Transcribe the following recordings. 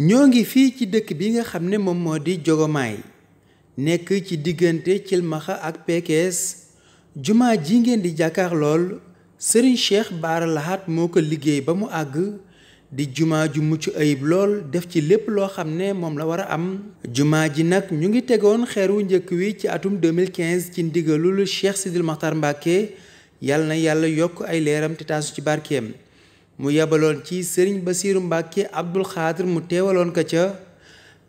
ñoo ngi fii ci dëkk bi nga xam ne moom moo di Jogomaay nekk ci diggante Cilmaxa ak Pekes jumaa ji ngeen di jàkkaar lool sëriñ Cheikh Bara Lahat moo ko liggéey ba mu àgg di jumaa ju mucc ayib lool def ci lépp loo xam ne moom la war a am jumaa ji nag ñu ngi tegoon xeeru njëkk wi ci atum 2015 ci ndigalul Cheikh Sidil Maxtar Mbàkke yàlla na yàlla yokk ay leeram te taasu ci barkeem mu yebaloon ci sëriñ Basiiru Mbàkke Abdul Xaadir mu teewaloon ko ca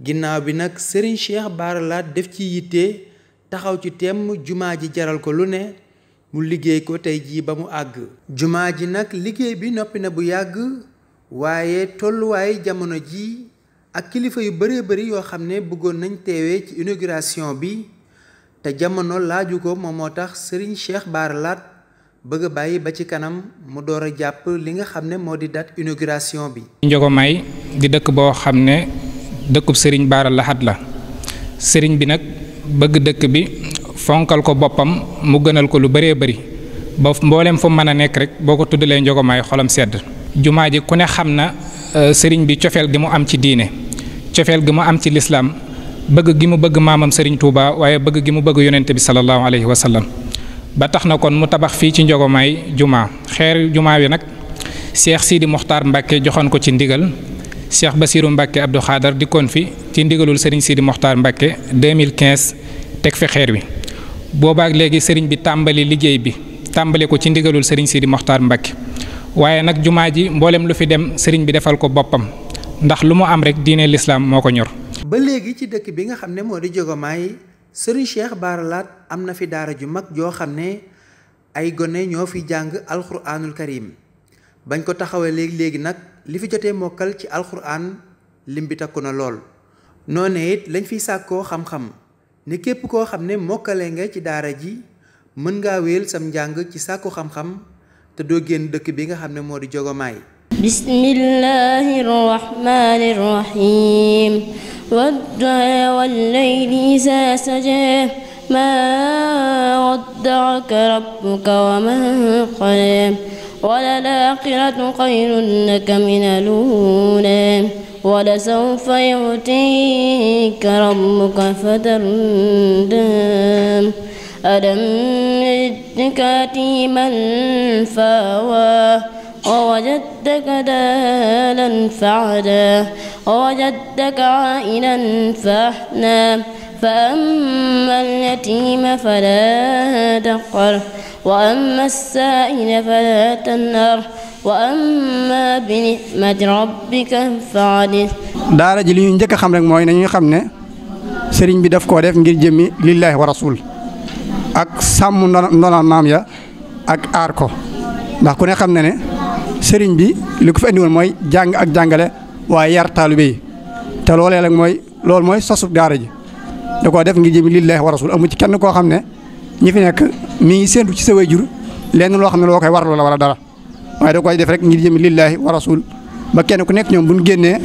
ginnaaw bi nag sëriñ Cheikh Bara Laat def ci yitte taxaw ci temm jumaa ji jaral ko lu ne mu liggéey ko tey jii ba mu àgg jumaa ji nag liggéey bi noppi na bu yàgg waaye tolluwaay jamono ji ak kilifa yu bëree bëri yoo xam ne bëggoon nañ teewee ci inauguration bi te jamono laaju ko moom tax sëriñ Cheikh Bara bëgg a bàyyi ba ci kanam mu door a jàpp li nga xam ne moo di dat inauguration bi. Njogo May di dëkk boo xam ne dëkkub sëriñ baaral Laxat la sëriñ bi nag bëgg dëkk bi fonkal ko boppam mu gënal ko lu bëree bari ba mboolem fu mën a nekk rek boo ko tuddalee Njogo May xolam sedd. jumaa ji ku ne xam na euh, sëriñ bi cofeel gi mu am ci diine cofeel gi mu am ci lislaam bëgg gi mu bëgg maamam sëriñ Touba waaye bëgg gi mu bëgg yonente bi sallallahu alayhi wa sallam ba tax na kon mu tabax fii ci Njogomay jumaa xeer jumaa bi nag Cheikh Sidi Mokhtar Mbacke joxoon ko ci ndigal Cheikh Basirou Mbacke Abdou Khader dikkoon fi ci ndigalul Serigne Sidi Mokhtar Mbacke 2015 teg fi xeer wi boobaak léegi Serigne bi tàmbali liggéey bi tàmbale ko ci ndigalul Serigne Sidi Mokhtar Mbacke waaye nag jumaa ji mboolem lu fi dem Serigne bi defal ko boppam ndax lu mu am rek diine lislaam moo ko ñor. sëriñ Cheikh Bara Laat am na fi daara ju mag joo xam ne ay gone ñoo fi jàng alxuraanul karim bañ ko taxawee léegi léegi nag li fi jotee mokkal ci alxuraan lim bi takku na lool. noone it lañ fiy sàkkoo xam-xam ne képp koo xam ne mokkale nga ci daara ji mën ngaa wéel sam njàng ci sàkku xam-xam te doo génn dëkk bi nga xam ne moo di jogomaay. bismillahir rahmanir والضحى والليل إذا سجى ما ودعك ربك وما قلى وللآخرة خير لك من الأولى ولسوف يعطيك ربك فتردى ألم يجدك يتيما فآوى ووجدك دالا فعدا وجدك عائلا فأحنا فأما اليتيم فلا تقر وأما السائل فلا تنهر وأما بنعمة ربك فحدث دار جلي نجاك خام رك موي نيو خام نه سيرين بي داف لله ورسول اك سام نونا نام يا اك ار كو داك كو نه خام بي لوكو فاندي مول موي جانغ اك جانغاله waaye yar taalibe yi te loolee nag mooy loolu mooy sosub daara ji da koo def ngir jëm lillahi wa rasul amu ci kenn koo xam ne ñi fi nekk mii ngi séentu ci sa waajur lenn loo xam ne loo koy warloo la dara waaye da koy def rek ngir jëm lillahi wa rasul ba kenn ku nekk ñoom bu ñu génnee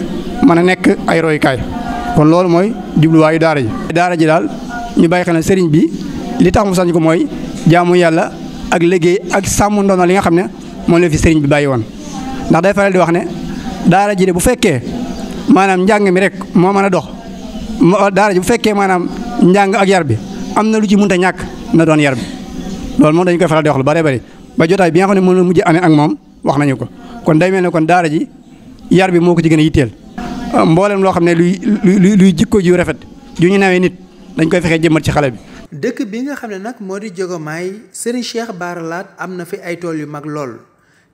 mën a nekk ay kon loolu mooy jubluwaayu daara ji. daara ji daal ñu bàyyi xel sëriñ bi li tax mu sañ ko mooy jaamu yàlla ak liggéey ak sàmm ndono li nga xam ne moo la fi sëriñ bi bàyyi woon ndax day faral di wax ne. daara ji de bu fekkee maanaam njàng mi rek moo mën a dox daara ji bu fekkee maanaam njàng ak yar bi am na lu ci mënta ñàkk na doon yar bi loolu moom dañu koy faral di wax lu bëree bëri ba jotaay bi nga xam ne moom la mujj amee ak moom wax nañu ko kon day mel ne kon daara ji yar bi moo ko ci gën mboolem loo xam ne luy luy luy jikko ju rafet ju ñu nawee nit dañ koy fexee jëmmat ci xale bi. dëkk bi nga xam ne nag moo di Jogomaay Serigne Cheikh Bara Laat am na fi ay tool yu mag lool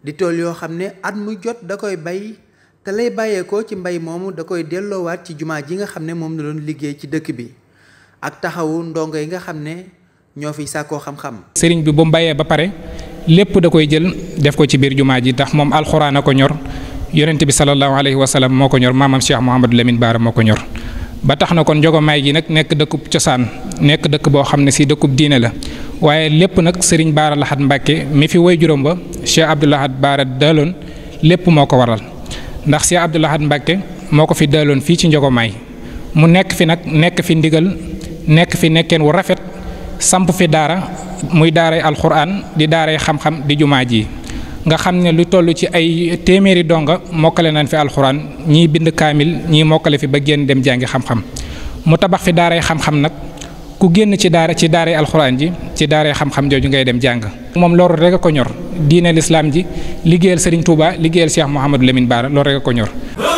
di tool yoo xam ne at mu jot da koy bay. te lay bàyyeekoo ci mbay moomu da koy delloowaat ci jumaa ji nga xam ne moom la doon liggéey ci dëkk bi ak taxawu ndongo yi nga xam ne ñoo fi saakoo xam-xam. sëriñ bi bu mbayee ba pare lépp da koy jël def ko ci biir jumaa ji ndax moom alxuraan a ko ñor yonent bi sallallahu alayhi wa sallam moo ko ñor maamam Cheikh Mouhamadou Lamine Baara moo ko ñor ba tax na kon Njogomaay gi nag nekk dëkkub cosaan nekk dëkk boo xam ne si dëkkub diine la waaye lépp nag sëriñ Baara Lahat Mbàkke mi fi woy juróom ba Cheikh Abdoulahat Baara daloon lépp moo ko waral. ndax Cheikh Abdoul Ahad moo ko fi delloon fii ci Njogomaay mu nekk fi nag nekk fi ndigal nekk fi nekkeen wu rafet samp fi daara muy daaray alxuraan di daaray xam-xam di jumaa ji nga xam ne lu toll ci ay téeméeri donga mokkale nañ fi alxuraan ñii bind kaamil ñii mokkale fi ba génn dem jàngi xam-xam mu tabax fi daaray xam-xam nag ku génn ci daara ci daaray alxuraan ji ci daaray xam-xam jooju ngay dem jàng moom loolu rek a ko ñor diine lislaam ji liggéeyal Serigne Touba liggéeyal Cheikh Mouhamadou Lamine Bara loolu rek a ko ñor.